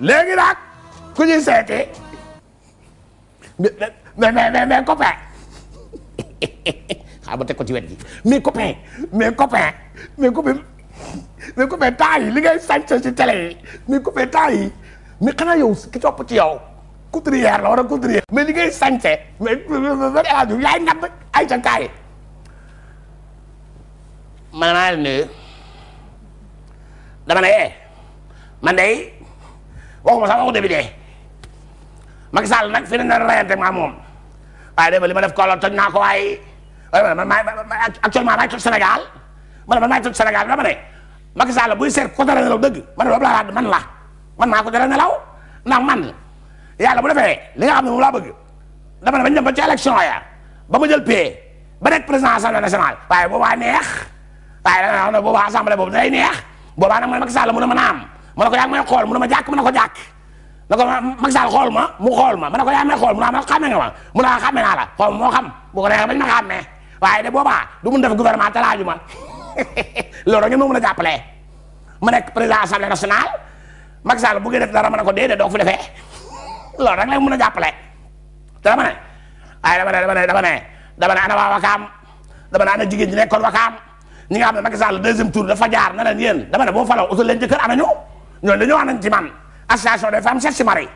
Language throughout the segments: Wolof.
léegi nag ku ñu seeti mais mais mais copain xaaral ma teg ko ci wet gi mais copain mais copain mais copain mais copain temps yi li ngay sañse ci télé yi mais copain temps yi mais yow ki topp ci yow couturière la war a couturière mais li sañse mais Elhadji yaay ngab ay sa kaay man dama ne eh man day waxuma sax waxu député Macky Sall nag fi ne na rayante maa moom waaye dama li ma toj naa ko waaye man maay actuellement maay toj Sénégal man man maay toj Sénégal dama ne Macky Sall buy seet ko dara nelaw dëgg man boobu laa man la man maa ko dara nelaw ndax man yàlla bu defee li nga xam ne moom laa bëgg dama ne bañ dem ba ci ba ma jël paie ba nekk président assemblée nationale waaye boobaa neex waaye da nga xam ne boobaa assemblée boobu day neex boobaa man Macky Sall mën a mën a am ma ne ko yaa ngi may xool mu ne ma jàkk ma ne ko jàkk ne ko Macky Sall xool ma mu xool ma ma ne ko yaa ngi may xool mu ne ma xàmme nga ma mu ne ma xàmme naa la xool moo xam bu ko neexee bañ ma xàmmee waaye de boobaa du mun def gouvernement te laaju ma loolu rek ñun moo mën a jàppale ma nekk président assemblée nationale Macky Sall bu ngeen def dara ma ne ko déedéet doo ko fi defee loolu rek lay mën a jàppale te dama ne waaye dama ne dama ne dama ne dama ne ana waa Wakaam dama ne ana jigéen ñi nekkoon Wakaam ñi nga xam ne Macky Sall deuxième tour dafa jaar na leen yéen dama ne boo faloo utal leen jëkkër ana ñu ñooñu dañoo wax nañ ci man association des femmes cherche mari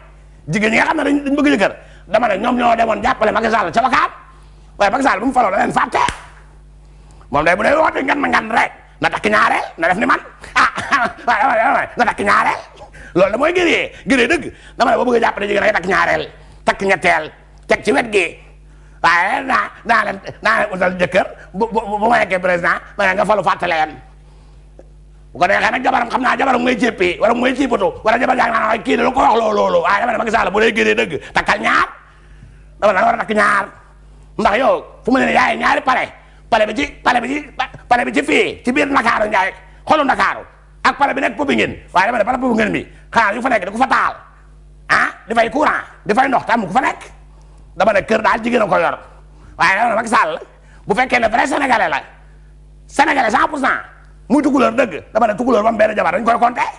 jigéen ñi nga xam na dañ dañ bëgg jëkkër dama ne ñoom ñoo demoon jàppale Macky Sall ca wakaam waaye Macky Sall bu mu faloo da leen fàtte moom day bu dee woote ngan ma ngan rek na takk ñaareel na def ni man ah waaye na takk ñaareel loolu da mooy gëree gëree dëgg dama ne boo bëgg a jàppale jigéen rek takk ñaareel takk ñetteel teg ci wet gi waaye na naa leen naa leen jëkkër bu bu bu ma nekkee ma ne nga falu fàtte leen bu ko neexee nag jabaram xam naa jabaram mooy jéppee wala wala jabar yaa ngi naan kii de ko wax loolu loolu waaye dama ne Macky Sall bu lay génnee dëgg takkal ñaar dama ne war ñaar ndax yow fu mu ne yaay ñaari pare pare bi ci pare bi ci pare bi ci fii ci biir Ndakaaru Njaay xolu Ndakaaru ak pare bi nekk popi ngeen waaye dama ne pare popi bi xanaa yu fa nekk ko fa taal ah di fay courant di fay ndox tam ku fa nekk dama ne kër jigéen a ko yor waaye dama ne Macky bu fekkee ne vrai sénégalais la sénégalais 100 pour cent mu benn jabar dañ koy compter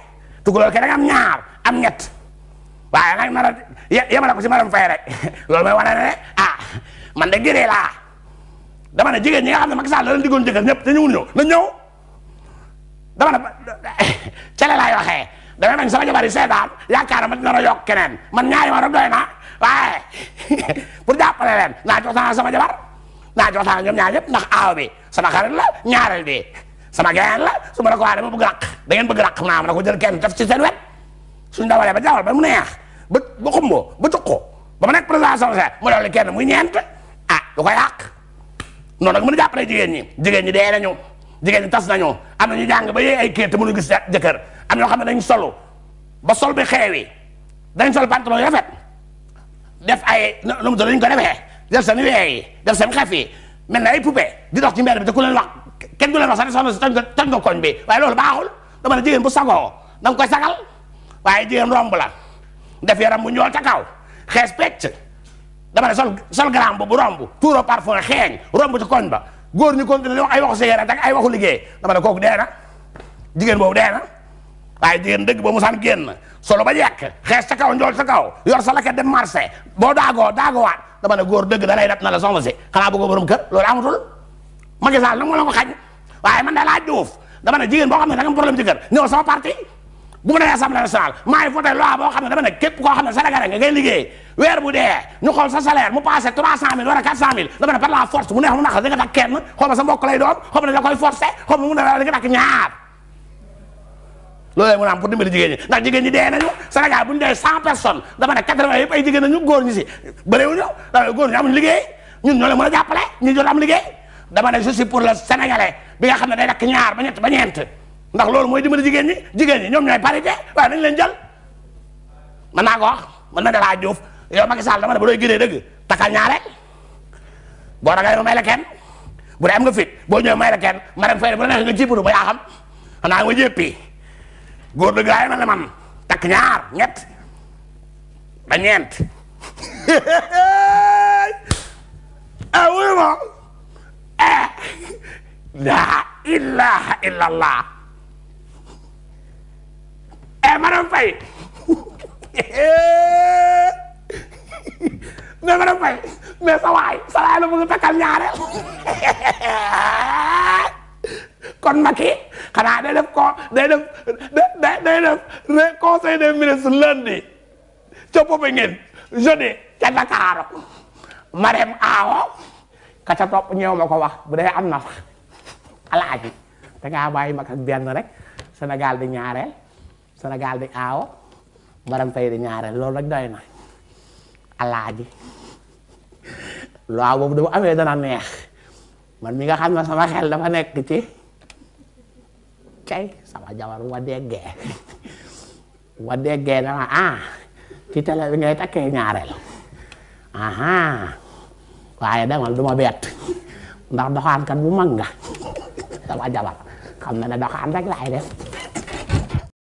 tukulóor ke da nga am ñaar am ñett waaye nag mara yemale ko si maram fay rek loolu mooy wane ne ah, man de géree laa dama ne jigéen ñi nga xam ne da Sall la leen diggoon jëkkër ñëpp te ñëwul ñëw na ñëw dama ne cale laay waxee damay bañ sama jabar yi seetaan yaakaar ma dina yokk keneen man ñaari ma rek doy na waaye pour jàppale leen naa jox sama jabar naa jox sama ñoom ñaar ñëpp ndax aaw bi sama xarit la ñaareel bi sama gerte la su ma la ko waxee dama bëgg raq da ngeen bëgg raq naa ma ne ko jël kenn def ci seen wet suñu dawalee ba jawal ba mu neex ba ba xumboo ba tuqoo ba mu nekk président Sonacé mu dolli kenn mu ñeent ah, a du ko yàq noonu nag mën a jàppale jigéen ñi jigéen ñi tas nañu am na ñu jàng ba yee ay kër te mënu am ñoo xam ne dañ solu ba sol bi xeewi dañ sol pantalon yu rafet def ay lu mu dañ ko defee def seen weey def seen xef yi mel na ay poupée di dox ci mbedd bi te ku leen kenn du la wax sax ne soxna si toj nga toj nga koñ bi waaye loolu baaxul dama ne jigéen bu sagoo da nga koy sagal waaye jigéen romb la def yaram bu ñool ca kaw xees pecc dama ne sol sol grand bu romb tuuro parfum xeeñ romb ci koñ ba góor ñu continué wax ay waxu sa yaram ak ay liggéey dama ne kooku dee na jigéen boobu dee na waaye jigéen dëgg ba mu saan génn solo ba yekk xees ca kaw njool ca kaw yor sa laket dem marché boo daagoo daagowaat dama ne góor dëgg da lay dab na la soxna si xanaa Macky Sall nag moo la ko xañ da laa Diouf dama ne jigéen boo xam ne da nga am problème jëkkër ñëw parti bu mu demee assemblée nationale maay voté loi boo xam ne dama ne liggéey weer bu dee ñu xool sa salaire mu passé trois cent mille wala quatre cent mille dama ne par la mu neex mu naqar di nga takk kenn xaw ma sa mbokk lay doon xaw ma ne da koy forcé xaw ma mu ne la di nga takk ñaar loolu mun a am pour dimbali jigéen ñi ndax jigéen ñi dee nañu Sénégal bu ñu dee cent personnes dama ne quatre-vingts yëpp ay jigéen dama ne je suis pour le bi nga xam ne day dakk ñaar ba ñett ba ñeent ndax loolu mooy dimbali jigéen ñi jigéen ni ñoom ñooy parité waaye nañ leen jël mën naa ko wax mën na dalaa jóof yow Macky Sall dama ne ba doy gënee dëgg takkal ñaare boo ragalee ma may la bu dee am nga fit boo ñëwee may la kenn ma dem fay bu la neexee nga jibaru ba yaa xam xanaa nga jéppi góor dëgg ay ma ne man takk ñaar ñett ba ñeent ah wuyu laa ilaha illallah eh madame Faye mais madame Faye mais sa waay kon Macky xanaa day ko day def day day def conseil des ministres lundi ca Popenguine jeudi ca Dakar Marème Awo ka ca topp ñëw ma ko wax bu am na alaaji dangaa bàyyi mag ak benn rek senegaal di ñaareel senegaal di aawo Maram Faye di ñaareel loolu rek doy na alaaji loi boobu dama amee dana neex man mi nga xam ne sama xel dafa nekk ci cay sama jabar wa déggee wa déggee ah, bi ngay takkee ñaareel waaye demal du ma ndax doxaankat bu mag nga sama jabar xam na ne da ko am rek laay def